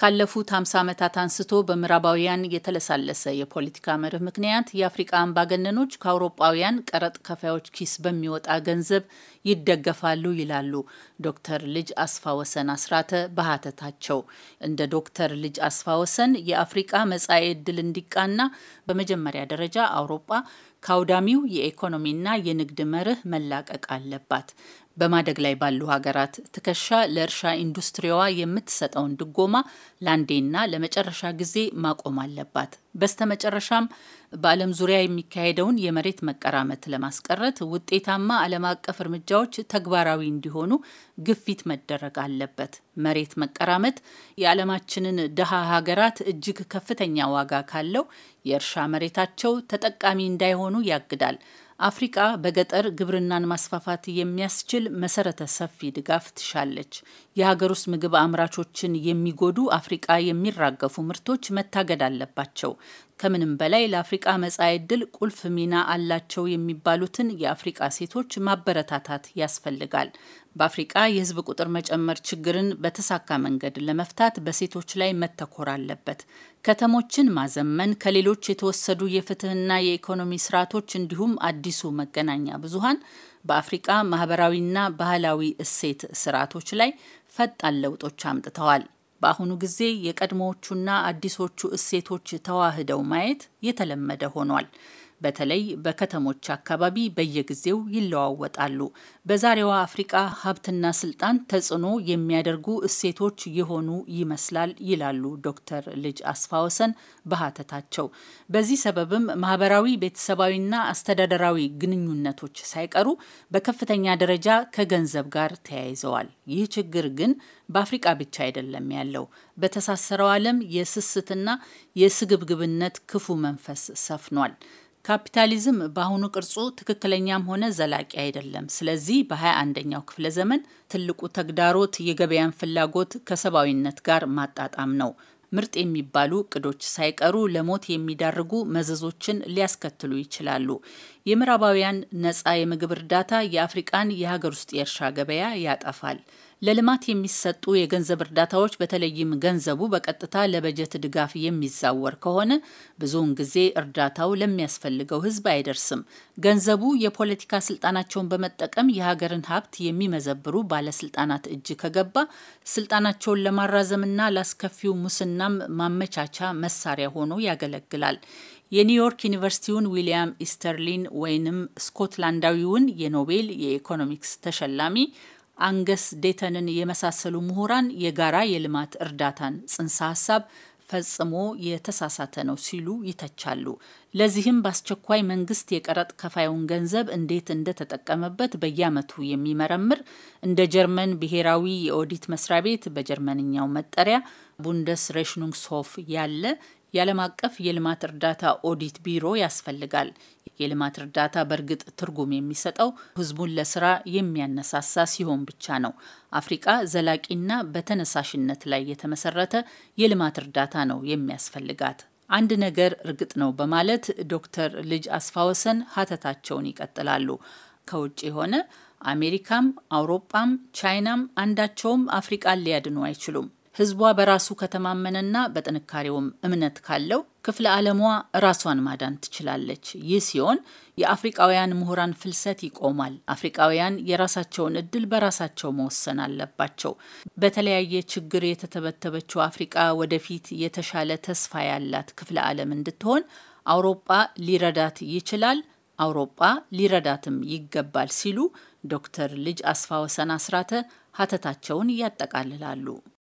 ካለፉት 50 ዓመታት አንስቶ በምዕራባውያን የተለሳለሰ የፖለቲካ መርህ ምክንያት የአፍሪቃ አምባገነኖች ከአውሮጳውያን ቀረጥ ከፋዮች ኪስ በሚወጣ ገንዘብ ይደገፋሉ ይላሉ ዶክተር ልጅ አስፋ ወሰን አስራተ በሀተታቸው። እንደ ዶክተር ልጅ አስፋ ወሰን የአፍሪቃ መጻኤ ዕድል እንዲቃና በመጀመሪያ ደረጃ አውሮጳ ከአውዳሚው የኢኮኖሚና የንግድ መርህ መላቀቅ አለባት። በማደግ ላይ ባሉ ሀገራት ትከሻ ለእርሻ ኢንዱስትሪዋ የምትሰጠውን ድጎማ ለአንዴና ለመጨረሻ ጊዜ ማቆም አለባት። በስተመጨረሻም በዓለም ዙሪያ የሚካሄደውን የመሬት መቀራመት ለማስቀረት ውጤታማ ዓለም አቀፍ እርምጃዎች ተግባራዊ እንዲሆኑ ግፊት መደረግ አለበት። መሬት መቀራመጥ የዓለማችንን ድሃ ሀገራት እጅግ ከፍተኛ ዋጋ ካለው የእርሻ መሬታቸው ተጠቃሚ እንዳይሆኑ ያግዳል። አፍሪቃ በገጠር ግብርናን ማስፋፋት የሚያስችል መሰረተ ሰፊ ድጋፍ ትሻለች። የሀገር ውስጥ ምግብ አምራቾችን የሚጎዱ አፍሪቃ የሚራገፉ ምርቶች መታገድ አለባቸው። ከምንም በላይ ለአፍሪቃ መጻኢ ዕድል ቁልፍ ሚና አላቸው የሚባሉትን የአፍሪቃ ሴቶች ማበረታታት ያስፈልጋል። በአፍሪቃ የህዝብ ቁጥር መጨመር ችግርን በተሳካ መንገድ ለመፍታት በሴቶች ላይ መተኮር አለበት። ከተሞችን ማዘመን፣ ከሌሎች የተወሰዱ የፍትህና የኢኮኖሚ ስርዓቶች እንዲሁም አዲሱ መገናኛ ብዙሃን በአፍሪቃ ማህበራዊና ባህላዊ እሴት ስርዓቶች ላይ ፈጣን ለውጦች አምጥተዋል። በአሁኑ ጊዜ የቀድሞዎቹና አዲሶቹ እሴቶች ተዋህደው ማየት የተለመደ ሆኗል። በተለይ በከተሞች አካባቢ በየጊዜው ይለዋወጣሉ። በዛሬዋ አፍሪቃ ሀብትና ስልጣን ተጽዕኖ የሚያደርጉ እሴቶች የሆኑ ይመስላል ይላሉ ዶክተር ልጅ አስፋወሰን በሀተታቸው። በዚህ ሰበብም ማህበራዊ፣ ቤተሰባዊና አስተዳደራዊ ግንኙነቶች ሳይቀሩ በከፍተኛ ደረጃ ከገንዘብ ጋር ተያይዘዋል። ይህ ችግር ግን በአፍሪቃ ብቻ አይደለም ያለው። በተሳሰረው ዓለም የስስትና የስግብግብነት ክፉ መንፈስ ሰፍኗል። ካፒታሊዝም በአሁኑ ቅርጹ ትክክለኛም ሆነ ዘላቂ አይደለም። ስለዚህ በ21ኛው ክፍለ ዘመን ትልቁ ተግዳሮት የገበያን ፍላጎት ከሰብአዊነት ጋር ማጣጣም ነው። ምርጥ የሚባሉ እቅዶች ሳይቀሩ ለሞት የሚዳርጉ መዘዞችን ሊያስከትሉ ይችላሉ። የምዕራባውያን ነፃ የምግብ እርዳታ የአፍሪቃን የሀገር ውስጥ የእርሻ ገበያ ያጠፋል። ለልማት የሚሰጡ የገንዘብ እርዳታዎች በተለይም ገንዘቡ በቀጥታ ለበጀት ድጋፍ የሚዛወር ከሆነ ብዙውን ጊዜ እርዳታው ለሚያስፈልገው ሕዝብ አይደርስም። ገንዘቡ የፖለቲካ ስልጣናቸውን በመጠቀም የሀገርን ሀብት የሚመዘብሩ ባለስልጣናት እጅ ከገባ ስልጣናቸውን ለማራዘምና ላስከፊው ሙስናም ማመቻቻ መሳሪያ ሆኖ ያገለግላል። የኒውዮርክ ዩኒቨርሲቲውን ዊሊያም ኢስተርሊን ወይንም ስኮትላንዳዊውን የኖቤል የኢኮኖሚክስ ተሸላሚ አንገስ ዴተንን የመሳሰሉ ምሁራን የጋራ የልማት እርዳታን ጽንሰ ሀሳብ ፈጽሞ የተሳሳተ ነው ሲሉ ይተቻሉ። ለዚህም በአስቸኳይ መንግስት የቀረጥ ከፋዩን ገንዘብ እንዴት እንደተጠቀመበት በየዓመቱ የሚመረምር እንደ ጀርመን ብሔራዊ የኦዲት መስሪያ ቤት በጀርመንኛው መጠሪያ ቡንደስ ሬሽኑንግስሆፍ ያለ የዓለም አቀፍ የልማት እርዳታ ኦዲት ቢሮ ያስፈልጋል። የልማት እርዳታ በእርግጥ ትርጉም የሚሰጠው ህዝቡን ለስራ የሚያነሳሳ ሲሆን ብቻ ነው። አፍሪቃ ዘላቂና በተነሳሽነት ላይ የተመሰረተ የልማት እርዳታ ነው የሚያስፈልጋት። አንድ ነገር እርግጥ ነው በማለት ዶክተር ልጅ አስፋወሰን ሀተታቸውን ይቀጥላሉ። ከውጭ የሆነ አሜሪካም አውሮፓም ቻይናም አንዳቸውም አፍሪቃን ሊያድኑ አይችሉም። ህዝቧ በራሱ ከተማመነና በጥንካሬውም እምነት ካለው ክፍለ ዓለሟ ራሷን ማዳን ትችላለች። ይህ ሲሆን የአፍሪቃውያን ምሁራን ፍልሰት ይቆማል። አፍሪቃውያን የራሳቸውን እድል በራሳቸው መወሰን አለባቸው። በተለያየ ችግር የተተበተበችው አፍሪቃ ወደፊት የተሻለ ተስፋ ያላት ክፍለ ዓለም እንድትሆን አውሮጳ ሊረዳት ይችላል፣ አውሮጳ ሊረዳትም ይገባል ሲሉ ዶክተር ልጅ አስፋ ወሰን አስራተ ሀተታቸውን እያጠቃልላሉ።